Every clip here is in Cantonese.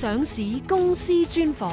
上市公司專訪。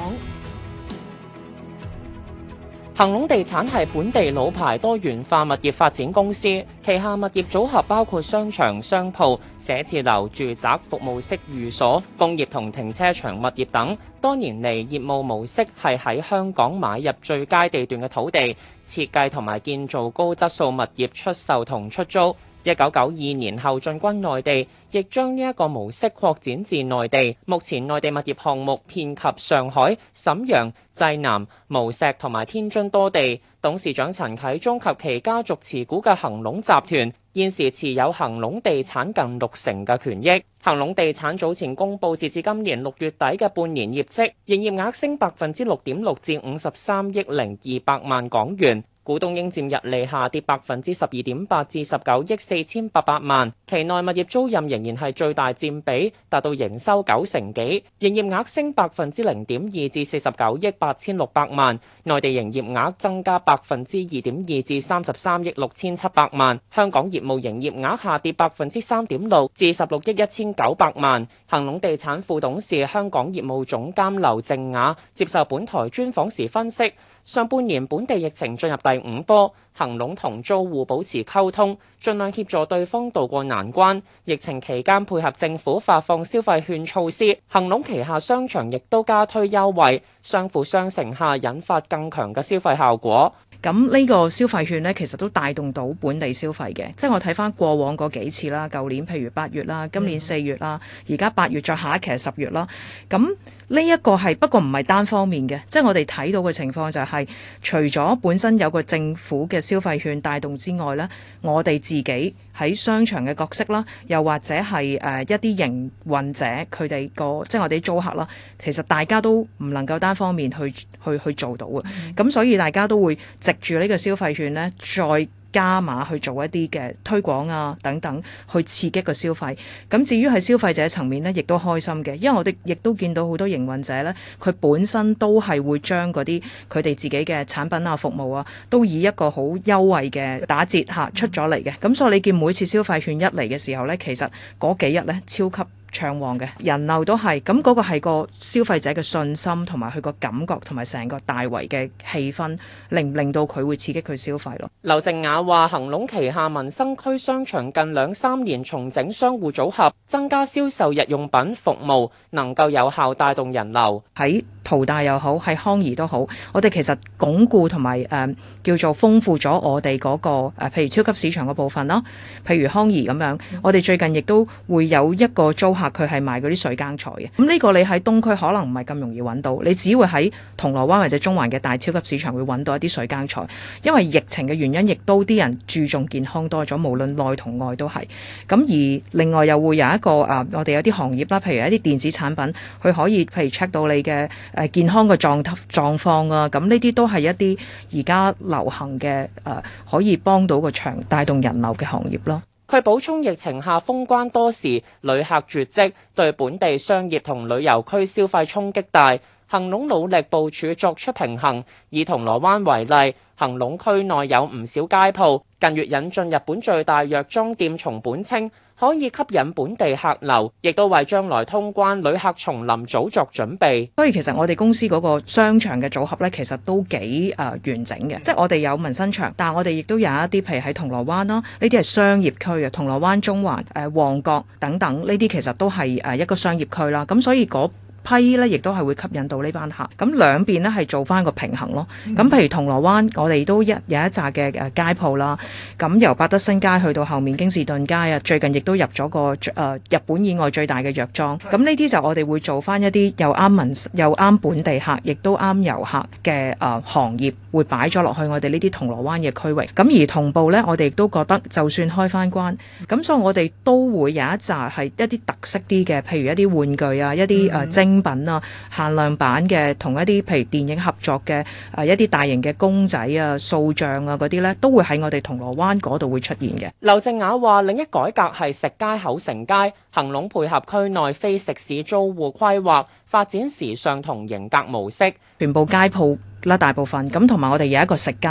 恒隆地產係本地老牌多元化物業發展公司，旗下物業組合包括商場、商鋪、寫字樓、住宅、服務式寓所、工業同停車場物業等。多年嚟，業務模式係喺香港買入最佳地段嘅土地，設計同埋建造高質素物業出售同出租。一九九二年後進軍內地，亦將呢一個模式擴展至內地。目前內地物業項目遍及上海、瀋陽、濟南、無錫同埋天津多地。董事長陳啟宗及其家族持股嘅恒隆集團，現時持有恒隆地產近六成嘅權益。恒隆地產早前公布截至今年六月底嘅半年業績，營業額升百分之六點六至五十三億零二百萬港元。股東應佔溢利下跌百分之十二點八至十九億四千八百萬。期內物業租賃仍然係最大佔比，達到營收九成幾。營業額升百分之零點二至四十九億八千六百萬，內地營業額增加百分之二點二至三十三億六千七百萬。香港業務營業額下跌百分之三點六至十六億一千九百萬。恒隆地產副董事香港業務總監劉靜雅接受本台專訪時分析。上半年本地疫情進入第五波，恆隆同租戶保持溝通，盡量協助對方渡過難關。疫情期間配合政府發放消費券措施，恆隆旗下商場亦都加推優惠，相輔相成下引發更強嘅消費效果。咁呢個消費券呢，其實都帶動到本地消費嘅，即係我睇翻過往嗰幾次啦，舊年譬如八月啦，今年四月啦，而家八月再下一期係十月啦，咁。呢一個係不過唔係單方面嘅，即係我哋睇到嘅情況就係，除咗本身有個政府嘅消費券帶動之外呢，我哋自己喺商場嘅角色啦，又或者係誒一啲營運者佢哋個，即係我哋租客啦，其實大家都唔能夠單方面去去去做到嘅，咁，mm hmm. 所以大家都會藉住呢個消費券呢，再加碼去做一啲嘅推廣啊，等等去刺激個消費。咁至於係消費者層面呢，亦都開心嘅，因為我哋亦都見到好多營運者呢，佢本身都係會將嗰啲佢哋自己嘅產品啊、服務啊，都以一個好優惠嘅打折嚇出咗嚟嘅。咁所以你見每次消費券一嚟嘅時候呢，其實嗰幾日呢，超級。暢旺嘅人流都係。咁嗰個係個消費者嘅信心同埋佢個感覺同埋成個大圍嘅氣氛，令唔令到佢會刺激佢消費咯。劉靜雅話：恒隆旗下民生區商場近兩三年重整商戶組合，增加銷售日用品服務，能夠有效帶動人流。喺淘大又好，喺康怡都好，我哋其實鞏固同埋誒叫做豐富咗我哋嗰個、呃、譬如超級市場嘅部分啦，譬如康怡咁樣，我哋最近亦都會有一個租客佢係賣嗰啲水耕菜嘅，咁呢個你喺東區可能唔係咁容易揾到，你只會喺銅鑼灣或者中環嘅大超級市場會揾到一啲水耕菜，因為疫情嘅原因，亦都啲人注重健康多咗，無論內同外都係。咁而另外又會有一個誒，我哋有啲行業啦，譬如一啲電子產品，佢可以譬如 check 到你嘅。誒健康嘅狀狀況啊，咁呢啲都係一啲而家流行嘅誒、呃，可以幫到個場帶動人流嘅行業咯。佢補充，疫情下封關多時，旅客絕跡，對本地商業同旅遊區消費衝擊大。恒隆努力部署作出平衡，以銅鑼灣為例，恆隆區內有唔少街鋪，近月引進日本最大藥妝店松本清，可以吸引本地客流，亦都為將來通關旅客重臨早作準備。所以其實我哋公司嗰個商場嘅組合咧，其實都幾誒完整嘅，即、就、係、是、我哋有民生場，但係我哋亦都有一啲，譬如喺銅鑼灣啦，呢啲係商業區啊，銅鑼灣、中環、誒旺角等等，呢啲其實都係誒一個商業區啦。咁所以嗰、那個批咧，亦都係會吸引到呢班客，咁兩邊呢係做翻個平衡咯。咁譬如銅鑼灣，我哋都一有一紮嘅誒街鋪啦，咁由百德新街去到後面京士頓街啊，最近亦都入咗個誒、呃、日本以外最大嘅藥莊。咁呢啲就我哋會做翻一啲又啱文又啱本地客，亦都啱遊客嘅誒、呃、行業。會擺咗落去我哋呢啲銅鑼灣嘅區域，咁而同步呢，我哋亦都覺得就算開翻關，咁、嗯、所以我哋都會有一紮係一啲特色啲嘅，譬如一啲玩具啊、一啲誒、啊、精品啊、限量版嘅，同一啲譬如電影合作嘅誒、啊、一啲大型嘅公仔啊、塑像啊嗰啲呢，都會喺我哋銅鑼灣嗰度會出現嘅。劉靜雅話：另一改革係食街口城街，恒隆配合區內非食肆租戶規劃發展時尚同型格模式，嗯、全部街鋪。啦，大部分咁，同埋我哋有一個食街，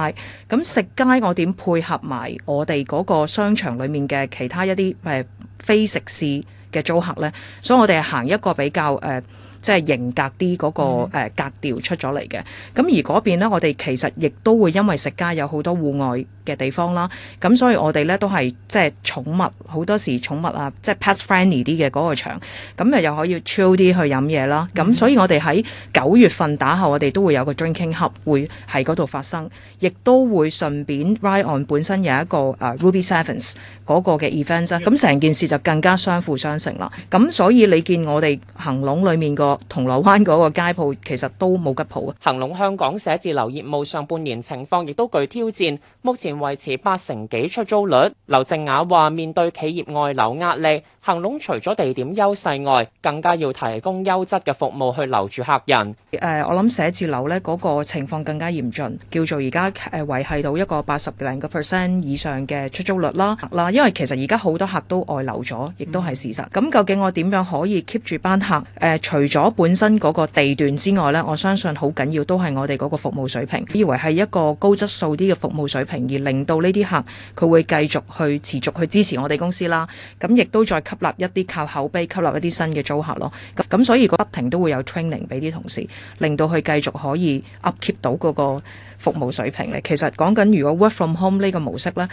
咁食街我點配合埋我哋嗰個商場裏面嘅其他一啲誒非食肆嘅租客咧？所以我哋係行一個比較誒。呃即係型格啲個誒格調出咗嚟嘅，咁、嗯、而邊邊咧，我哋其實亦都會，因為食街有好多戶外嘅地方啦，咁所以我哋咧都係即係寵物好多時寵物啊，即、就、係、是、pet-friendly 啲嘅個場，場，咁誒又可以 chill 啲去飲嘢啦。咁、嗯、所以我哋喺九月份打後我哋都會有個 drinking hub 會喺度發生，亦都會順便 ride on 本身有一個誒 Rugby Sevens 個嘅 event 啊，咁成件事就更加相輔相成啦。咁所以你見我哋恒隆裏面個。銅鑼灣嗰個街鋪其實都冇吉鋪啊，恒隆香港寫字樓業務上半年情況亦都具挑戰，目前維持八成幾出租率。劉靜雅話：面對企業外流壓力。恒隆除咗地點優勢外，更加要提供優質嘅服務去留住客人。誒、呃，我諗寫字樓咧嗰個情況更加嚴峻，叫做而家誒維繫到一個八十零個 percent 以上嘅出租率啦啦。因為其實而家好多客都外流咗，亦都係事實。咁究竟我點樣可以 keep 住班客？誒、呃，除咗本身嗰個地段之外咧，我相信好緊要都係我哋嗰個服務水平，以為係一個高質素啲嘅服務水平，而令到呢啲客佢會繼續去持續去支持我哋公司啦。咁亦都再吸。立一啲靠口碑吸納一啲新嘅租客咯，咁所以不停都會有 training 俾啲同事，令到佢繼續可以 up keep 到嗰個服務水平咧。其實講緊如果 work from home 呢個模式咧，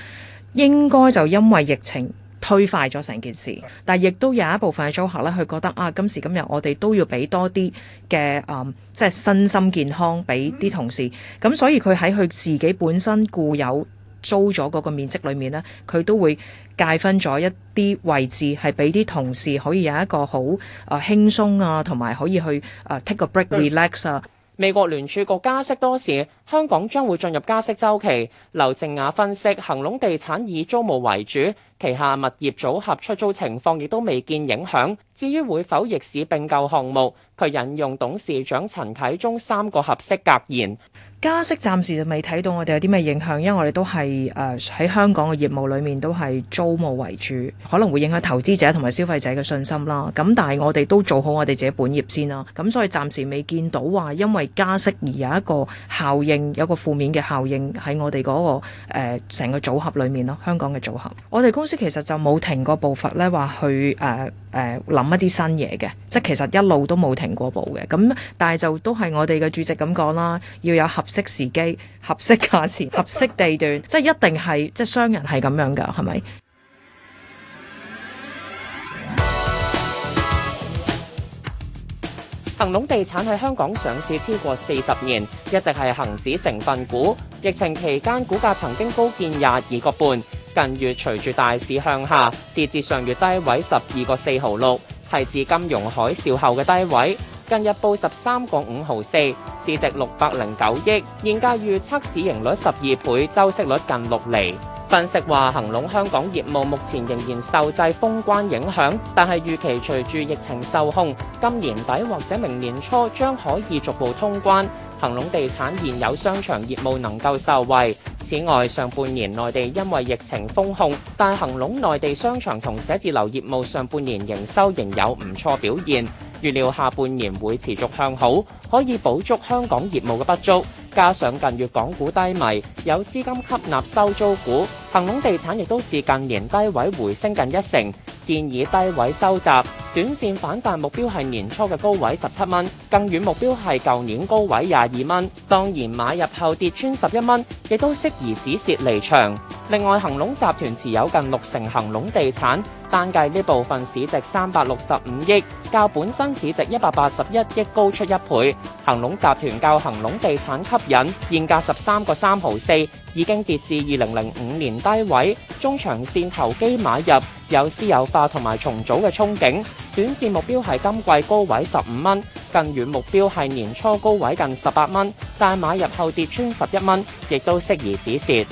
應該就因為疫情推快咗成件事，但係亦都有一部分嘅租客咧，佢覺得啊，今時今日我哋都要俾多啲嘅、嗯、即係身心健康俾啲同事，咁所以佢喺佢自己本身固有。租咗嗰個面積裏面呢，佢都會界分咗一啲位置，係俾啲同事可以有一個好誒、呃、輕鬆啊，同埋可以去誒、呃、take a break relax 啊。美國聯儲局加息多時，香港將會進入加息周期。劉靜雅分析，恒隆地產以租務為主，旗下物業組合出租情況亦都未見影響。至於會否逆市並購項目，佢引用董事長陳啟宗三個合適格言。加息暫時就未睇到我哋有啲咩影響，因為我哋都係誒喺香港嘅業務裏面都係租務為主，可能會影響投資者同埋消費者嘅信心啦。咁但係我哋都做好我哋自己本業先啦。咁所以暫時未見到話因為加息而有一個效應，有個負面嘅效應喺我哋嗰個誒成個組合裏面咯。香港嘅組合，我哋公司其實就冇停過步伐咧，話去誒。呃誒諗一啲新嘢嘅，即係其實一路都冇停過步嘅。咁，但係就都係我哋嘅主席咁講啦，要有合適時機、合適價錢、合適地段，即係一定係即係商人係咁樣㗎，係咪？恒隆地產喺香港上市超過四十年，一直係恒指成分股。疫情期間，股價曾經高見廿二個半。近月隨住大市向下，跌至上月低位十二個四毫六，係自金融海嘯後嘅低位。近日報十三個五毫四，市值六百零九億，現價預測市盈率十二倍，周息率近六厘。分析話：恒隆香港業務目前仍然受制封關影響，但係預期隨住疫情受控，今年底或者明年初將可以逐步通關。恒隆地產現有商場業務能夠受惠。此外，上半年內地因為疫情封控，但恒隆內地商場同寫字樓業務上半年營收仍有唔錯表現。預料下半年會持續向好，可以補足香港業務嘅不足。加上近月港股低迷，有資金吸納收租股，恒隆地產亦都自近年低位回升近一成，建議低位收集。短線反彈目標係年初嘅高位十七蚊，更遠目標係舊年高位廿二蚊。當然，買入後跌穿十一蚊，亦都適宜止蝕離場。另外，恒隆集團持有近六成恒隆地產，單計呢部分市值三百六十五億，較本身市值一百八十一億高出一倍。恒隆集團較恒隆地產吸引，現價十三個三毫四，已經跌至二零零五年低位。中長線投機買入，有私有化同埋重組嘅憧憬。短線目標係今季高位十五蚊，更遠目標係年初高位近十八蚊，但買入後跌穿十一蚊，亦都適宜止蝕。